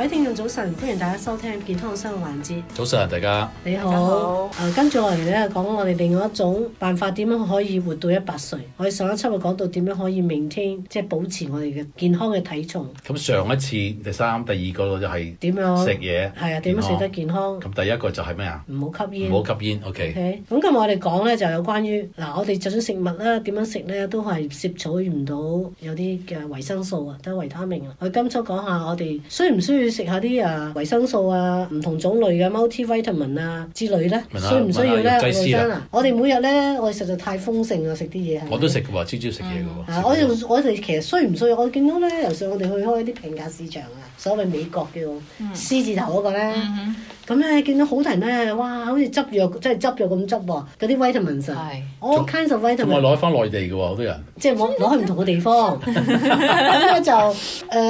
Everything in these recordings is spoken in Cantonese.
各位聽眾早晨，歡迎大家收聽健康生活環節。早晨，大家你好。跟住落嚟咧，講我哋另外一種辦法，點樣可以活到一百歲？我哋上一輯咪講到點樣可以 maintain，即係保持我哋嘅健康嘅體重。咁上一次第三、第二個就係點樣食嘢？係啊，點樣康食得健康？咁第一個就係咩啊？唔好吸煙。唔好吸煙。OK。咁、okay? 今日我哋講咧就有關於嗱，我哋就算食物啦、啊，點樣食咧都係攝取唔到有啲嘅維生素啊，都係維他命啊。我哋今次講下我哋需唔需要？食下啲啊維生素啊唔同種類嘅 multi vitamin 啊之類咧，需唔需要咧？真啊！我哋每日咧，我哋實在太豐盛啦，食啲嘢係。我都食嘅朝超食嘢嘅喎。我哋我哋其實需唔需要？我見到咧，尤其我哋去開啲平價市場啊，所謂美國叫獅、那個嗯、字頭嗰個咧。嗯咁咧見到好多人咧，哇！好似執藥，即係執藥咁執喎，嗰啲 vitamins 係 all kinds of vitamins。咁我攞翻內地嘅喎，好多人。即係我攞去唔同嘅地方，咁咧 就誒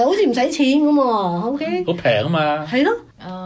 好似唔使錢咁喎，OK。好平啊嘛！係、okay? 咯。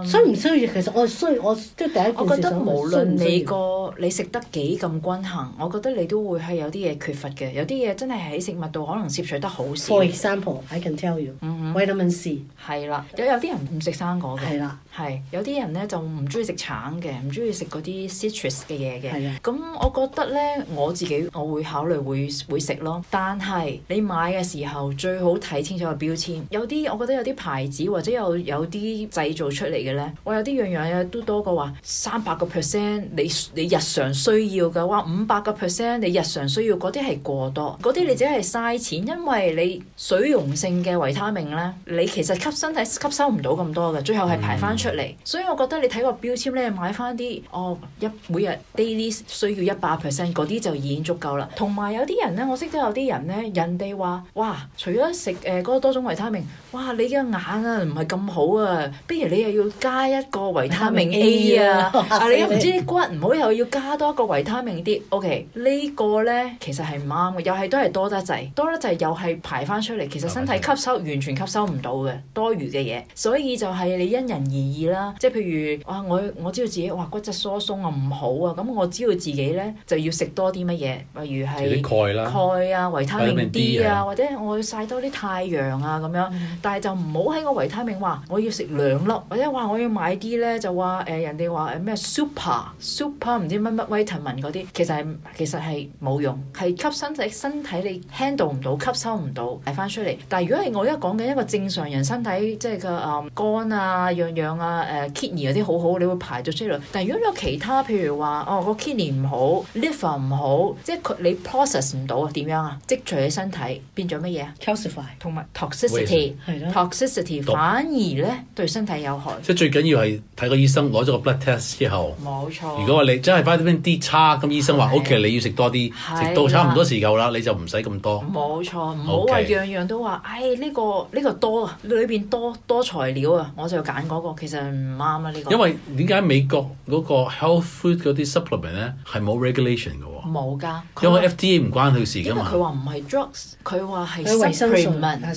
需唔需要？其實我需，我即係第一件事想問需，我覺得無論你個稀稀你食得幾咁均衡，我覺得你都會係有啲嘢缺乏嘅，有啲嘢真係喺食物度可能攝取得好少。For example, I can tell you. 嗯嗯。Vitamin C 係啦，有有啲人唔食生果嘅。係啦的，係有啲人咧就唔中意食橙嘅，唔中意食嗰啲 citrus 嘅嘢嘅。係啊的。咁、嗯、我覺得咧，我自己我會考慮會會食咯，但係你買嘅時候最好睇清楚個標籤。有啲我覺得有啲牌子或者有有啲製造出。出嚟嘅咧，我有啲樣樣嘢都多過話三百個 percent，你你日常需要嘅，哇五百個 percent 你日常需要嗰啲係過多，嗰啲你只係嘥錢，因為你水溶性嘅維他命咧，你其實吸身體吸收唔到咁多嘅，最後係排翻出嚟，嗯，所以我覺得你睇個標籤咧，買翻啲哦一每日 daily 需要一百 percent 嗰啲就已經足夠啦。同埋有啲人咧，我識得有啲人咧，人哋話哇，除咗食誒嗰多種維他命，哇你嘅眼啊唔係咁好啊，不如你要加一個維他命 A 啊！啊，你又唔知啲骨唔好，又要加多一個維他命 D。OK 呢個呢其實係唔啱嘅，又係都係多得滯，多得滯又係排翻出嚟。其實身體吸收完全吸收唔到嘅多餘嘅嘢，所以就係你因人而異啦。即係譬如啊，我我知道自己哇骨質疏鬆啊唔好啊，咁我知道自己呢就要食多啲乜嘢，例如係鈣啦、鈣啊、維他命 D 啊，D 啊啊或者我要曬多啲太陽啊咁樣。但係就唔好喺個維他命話我要食兩粒或者。即係話我要買啲咧，就話誒、呃、人哋話誒咩 super super 唔知乜乜維他命嗰啲，其實係其實係冇用，係吸身體身體你 handle 唔到，吸收唔到排翻出嚟。但係如果係我而家講緊一個正常人身體即係個誒肝啊、樣樣啊、誒 kidney 啲好好，你會排咗出嚟。但係如果有其他譬如話哦、個 kidney 唔好，liver 唔好，即係佢你 process 唔到啊，點樣啊？積聚喺身體變咗乜嘢啊？calcify 同埋 toxicity 係咯 Waste. 係，toxicity 反而咧對身體有害。即係最緊要係睇個醫生攞咗個 blood test 之後，冇錯。如果話你真係翻啲啲差，咁醫生話 OK，你要食多啲，食的到差唔多時候啦，的你就唔使咁多。冇錯，唔好話樣樣都話，唉、哎、呢、這個呢、這個多啊，裏邊多多材料啊，我就揀嗰、那個。其實唔啱啊呢、這個。因為點解美國嗰個 health food 嗰啲 supplement 咧係冇 regulation 嘅？冇噶，因為 FDA 唔關佢事噶嘛。佢話唔係 drugs，佢話係 supplement 佢維生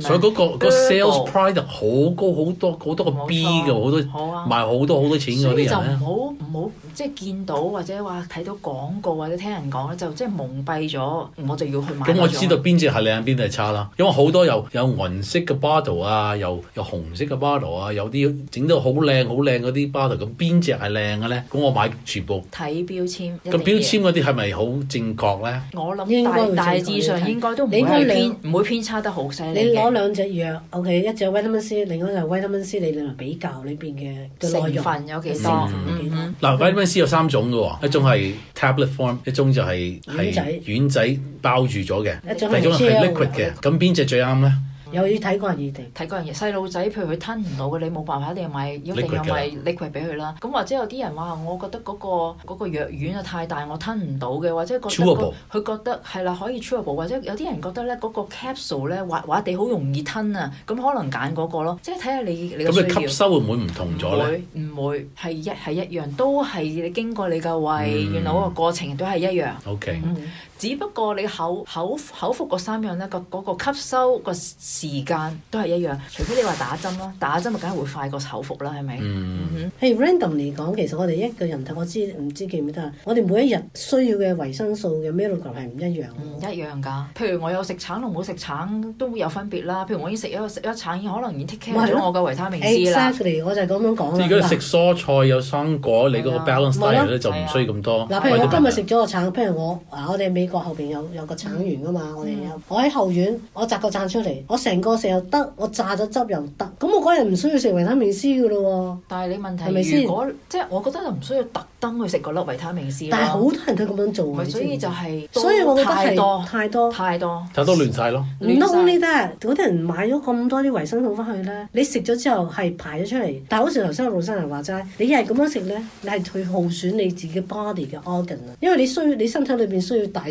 素，所以嗰、嗰個 sales price 好高，好，高好多好多個 B 嘅、啊，好多賣好多好多錢嗰啲人。好即係見到或者話睇到廣告或者聽人講咧，就即係蒙蔽咗，我就要去買。咁我知道邊隻係靚邊隻係差啦，因為好多有有銀色嘅 bottle 啊，又又紅色嘅 bottle 啊，有啲整到好靚好靚嗰啲 bottle 咁、啊、邊隻係靚嘅咧？咁我買全部睇標籤。咁標籤嗰啲係咪好正確咧？我諗大應該大致上應該都唔會偏，唔會偏差得好犀利嘅。你攞兩隻藥，OK，一隻維他命 C，另一個就維他命 C, C，你兩比較裏邊嘅成分有幾多？嗯嗯嗯嗯。嗱，維他命 C 有三種㗎喎，一種係 tablet form，一種就係、是、丸仔包住咗嘅，第二種係 liquid 嘅，噉邊隻最啱呢？又要睇個人異睇、嗯、個人異。細路仔譬如佢吞唔到嘅，你冇辦法，你 Liquid 一定要買一定要買 liquid 俾佢啦。咁、嗯、或者有啲人話，我覺得嗰、那個嗰、那個、藥丸啊太大，我吞唔到嘅，或者覺得佢、那個、True able? 覺得係啦，可以 chewable，或者有啲人覺得咧嗰、那個 capsule 咧滑滑地好容易吞啊，咁可能揀嗰個咯。即係睇下你你嘅需要。咁你吸收會唔會唔同咗咧？唔會，唔會係一係一樣，都係你經過你嘅胃，嗯、原後原來嗰個過程都係一樣。OK、嗯。只不過你口口口服嗰三樣咧，嗰個嗰個吸收個時間都係一樣，除非你話打針啦，打針咪梗係會快過口服啦，係咪？嗯哼。喺、hey, random 嚟講，其實我哋一個人頭，我知唔知記唔記得啊？我哋每一日需要嘅維生素嘅 milligram 係唔一樣。唔、嗯、一樣㗎。譬如我有食橙同冇食橙都有分別啦。譬如我已經食咗食咗橙，可能已經 take care 咗我嘅維他命 C 啦。s a、exactly, 我就係咁樣講啦。即係如果食蔬菜有生果，啊、你嗰個 balance 就唔需要咁多。嗱、啊，譬如我今日食咗個橙，譬如我我哋個後邊有有個橙園噶嘛？嗯、我哋有，我喺後院，我摘個橙出嚟，我成個食又得，我榨咗汁又得，咁我嗰日唔需要食維他命 C 噶咯喎。但係你問題，係咪先？即係我覺得就唔需要特登去食嗰粒維他命 C。但係好多人佢咁樣做，所以就係所以，我覺得係太多太多太多太多，太多就都亂曬咯。唔通呢得，啊嗰啲人買咗咁多啲維生素翻去咧，你食咗之後係排咗出嚟。但係好似頭先個老生人話齋，你一係咁樣食咧，你係去耗損你自己 body 嘅 organ 啊，因為你需要你身體裏邊需要大。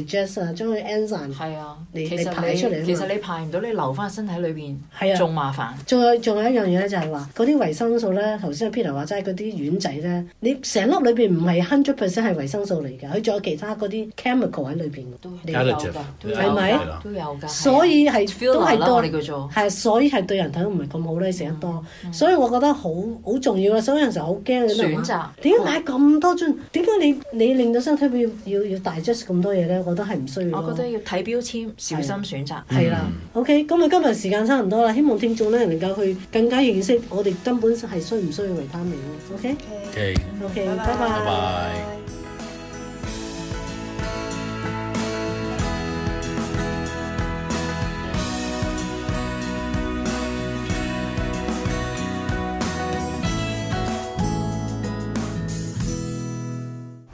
將佢 enzyme，係啊，你排出嚟。其實你排唔到，你留翻身體裏邊，係啊，仲麻煩。仲有仲有一樣嘢咧，就係話嗰啲維生素咧。頭先 Peter 話齋嗰啲丸仔咧，你成粒裏邊唔係 hundred percent 係維生素嚟嘅，佢仲有其他嗰啲 chemical 喺裏邊，你有㗎，係咪？都有㗎。所以係都係多，係所以係對人體唔係咁好咧。食得多，所以我覺得好好重要啦。所以有陣時好驚，選擇，點解買咁多樽？點解你你令到身體要要要 digest 咁多嘢咧？都係唔需要，啊。我覺得要睇標籤，小心選擇。係啦，OK。咁啊，啊嗯、okay, 今日時間差唔多啦，希望聽眾咧能夠去更加認識我哋根本係需唔需要維他命 OK。OK。OK。拜拜。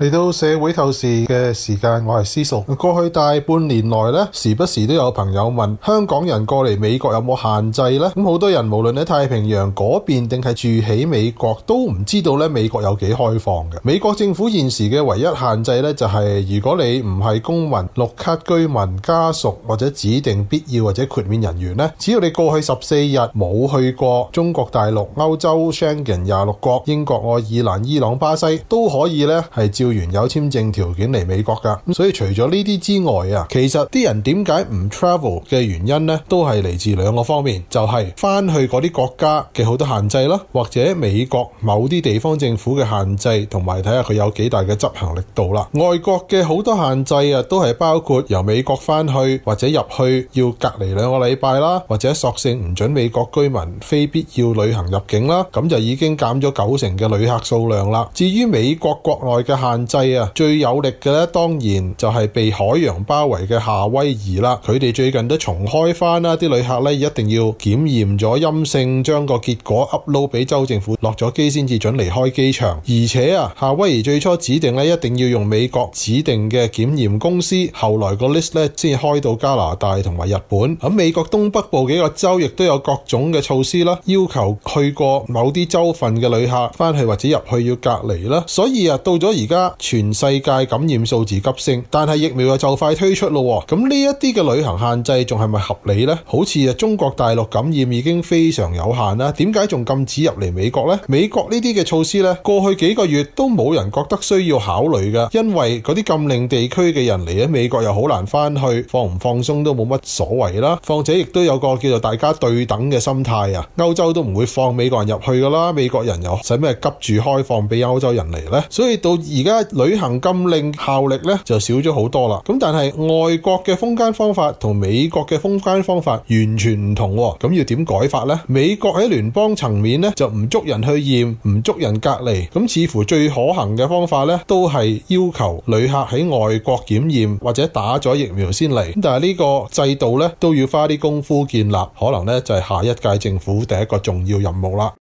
嚟到社會透視嘅時間，我係思索。過去大半年內咧，時不時都有朋友問「香港人過嚟美國有冇限制呢？」咁好多人無論喺太平洋嗰邊定係住喺美國，都唔知道咧美國有幾開放嘅。美國政府現時嘅唯一限制咧，就係如果你唔係公民、綠卡居民、家屬或者指定必要或者豁免人員咧，只要你過去十四日冇去過中國大陸、歐洲、申根廿六國、英國、愛爾蘭、伊朗、巴西，都可以咧係照。原有簽證條件嚟美國㗎，咁所以除咗呢啲之外啊，其實啲人點解唔 travel 嘅原因呢？都係嚟自兩個方面，就係翻去嗰啲國家嘅好多限制啦，或者美國某啲地方政府嘅限制，同埋睇下佢有幾大嘅執行力度啦。外國嘅好多限制啊，都係包括由美國翻去或者入去要隔離兩個禮拜啦，或者索性唔準美國居民非必要旅行入境啦，咁就已經減咗九成嘅旅客數量啦。至於美國國內嘅限制啊，最有力嘅咧，當然就係被海洋包圍嘅夏威夷啦。佢哋最近都重開翻啦，啲旅客咧一定要檢驗咗陰性，將個結果 upload 俾州政府，落咗機先至准離開機場。而且啊，夏威夷最初指定咧一定要用美國指定嘅檢驗公司，後來個 list 咧先開到加拿大同埋日本。咁美國東北部幾個州亦都有各種嘅措施啦，要求去過某啲州份嘅旅客翻去或者入去要隔離啦。所以啊，到咗而家。全世界感染數字急升，但係疫苗又就快推出咯。咁呢一啲嘅旅行限制仲係咪合理呢？好似啊，中國大陸感染已經非常有限啦，點解仲禁止入嚟美國呢？美國呢啲嘅措施呢，過去幾個月都冇人覺得需要考慮嘅，因為嗰啲禁令地區嘅人嚟咗，美國又好難返去，放唔放鬆都冇乜所謂啦。況且亦都有個叫做大家對等嘅心態啊，歐洲都唔會放美國人入去噶啦，美國人又使咩急住開放俾歐洲人嚟呢？所以到而家，旅行禁令效力咧就少咗好多啦，咁但係外國嘅封關方法同美國嘅封關方法完全唔同，咁要點改法呢？美國喺聯邦層面咧就唔捉人去驗，唔捉人隔離，咁似乎最可行嘅方法咧都係要求旅客喺外國檢驗或者打咗疫苗先嚟，但係呢個制度咧都要花啲功夫建立，可能咧就係下一屆政府第一個重要任務啦。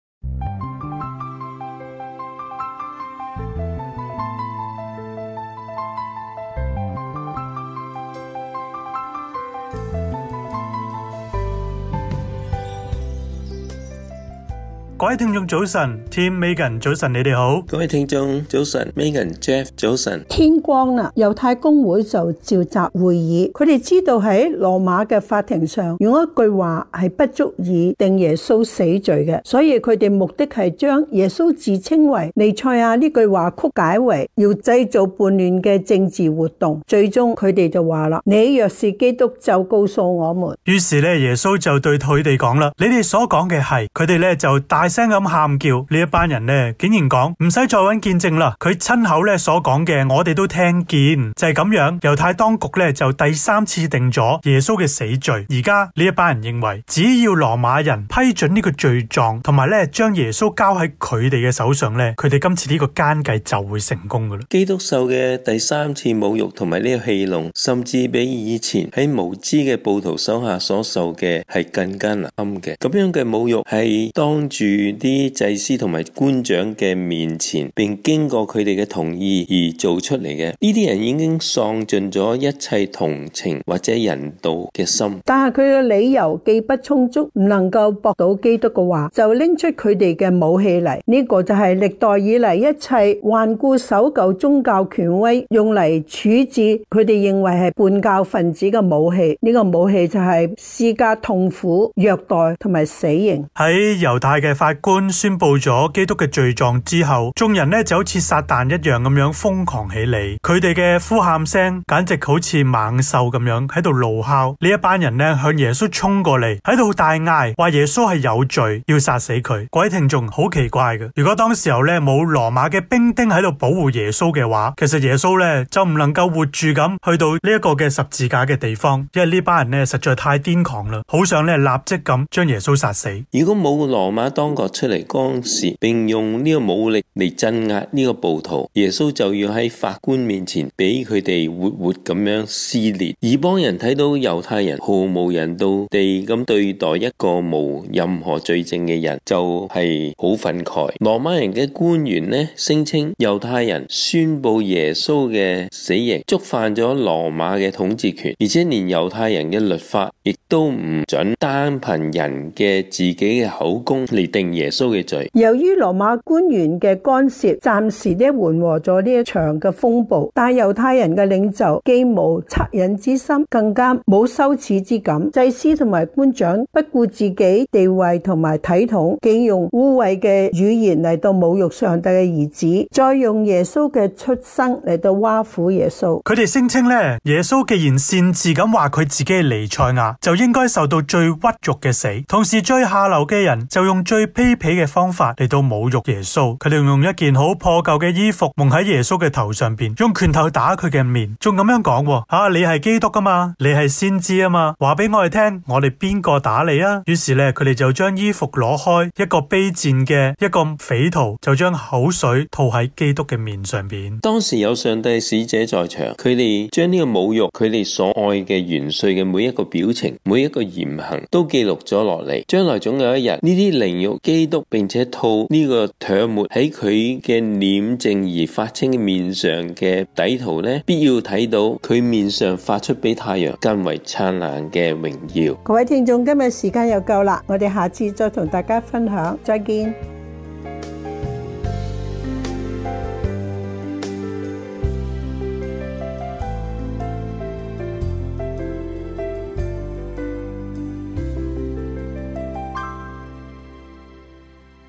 各位聽眾早晨 Tim Megan 早晨，你哋好。各位聽眾早晨，Megan Jeff 早晨。天光啦，猶太公會就召集會議。佢哋知道喺羅馬嘅法庭上，用一句話係不足以定耶穌死罪嘅，所以佢哋目的係將耶穌自稱為尼賽亞呢句話曲解為要製造叛亂嘅政治活動。最終佢哋就話啦：，你若是基督，就告訴我們。於是咧，耶穌就對佢哋講啦：，你哋所講嘅係佢哋咧就帶。聲咁喊叫，呢一班人呢竟然講唔使再揾見證啦，佢親口咧所講嘅，我哋都聽見，就係咁樣。猶太當局咧就第三次定咗耶穌嘅死罪，而家呢一班人認為，只要羅馬人批准呢個罪狀，同埋咧將耶穌交喺佢哋嘅手上咧，佢哋今次呢個奸計就會成功噶啦。基督受嘅第三次侮辱同埋呢個戲弄，甚至比以前喺無知嘅暴徒手下所受嘅係更加難堪嘅。咁樣嘅侮辱係當住啲祭司同埋官長嘅面前，並經過佢哋嘅同意而做出嚟嘅，呢啲人已經喪盡咗一切同情或者人道嘅心。但係佢嘅理由既不充足，唔能夠駁到基督嘅話，就拎出佢哋嘅武器嚟。呢個就係歷代以嚟一切頑固守舊宗教權威用嚟處置佢哋認為係叛教分子嘅武器。呢個武器就係施加痛苦、虐待同埋死刑。喺猶太嘅法法官宣布咗基督嘅罪狀之後，眾人呢就好似撒旦一樣咁樣瘋狂起嚟，佢哋嘅呼喊聲簡直好似猛獸咁樣喺度怒哮。呢一班人呢向耶穌衝過嚟，喺度大嗌，話耶穌係有罪，要殺死佢。各位聽眾好奇怪嘅，如果當時候呢冇羅馬嘅兵丁喺度保護耶穌嘅話，其實耶穌呢就唔能夠活住咁去到呢一個嘅十字架嘅地方，因為呢班人呢實在太癲狂啦，好想呢立即咁將耶穌殺死。如果冇羅馬當出嚟干涉，並用呢個武力嚟鎮壓呢個暴徒。耶穌就要喺法官面前俾佢哋活活咁樣撕裂，以幫人睇到猶太人毫無人道地咁對待一個無任何罪證嘅人，就係好憤慨。羅馬人嘅官員呢聲稱，猶太人宣布耶穌嘅死刑，觸犯咗羅馬嘅統治權，而且連猶太人嘅律法亦都唔准單憑人嘅自己嘅口供嚟定。耶穌嘅罪，由於羅馬官員嘅干涉，暫時咧緩和咗呢一場嘅風暴。但猶太人嘅領袖既冇惻隱之心，更加冇羞恥之感。祭司同埋官長不顧自己地位同埋體統，竟用污穢嘅語言嚟到侮辱上帝嘅兒子，再用耶穌嘅出生嚟到挖苦耶穌。佢哋聲稱呢，耶穌既然擅自咁話佢自己係尼賽亞，就應該受到最屈辱嘅死。同時最下流嘅人就用最卑鄙嘅方法嚟到侮辱耶穌，佢哋用一件好破舊嘅衣服蒙喺耶穌嘅頭上邊，用拳頭打佢嘅面，仲咁樣講：吓、啊、你係基督㗎嘛，你係先知啊嘛，話俾我哋聽，我哋邊個打你啊？於是咧，佢哋就將衣服攞開，一個卑賤嘅一個匪徒就將口水吐喺基督嘅面上邊。當時有上帝使者在場，佢哋將呢個侮辱佢哋所愛嘅元帥嘅每一個表情、每一個言行都記錄咗落嚟，將來總有一日呢啲靈肉。基督並且套呢個唾沫喺佢嘅臉正而發青面上嘅底圖呢，必要睇到佢面上發出比太陽更為燦爛嘅榮耀。各位聽眾，今日時間又夠啦，我哋下次再同大家分享，再見。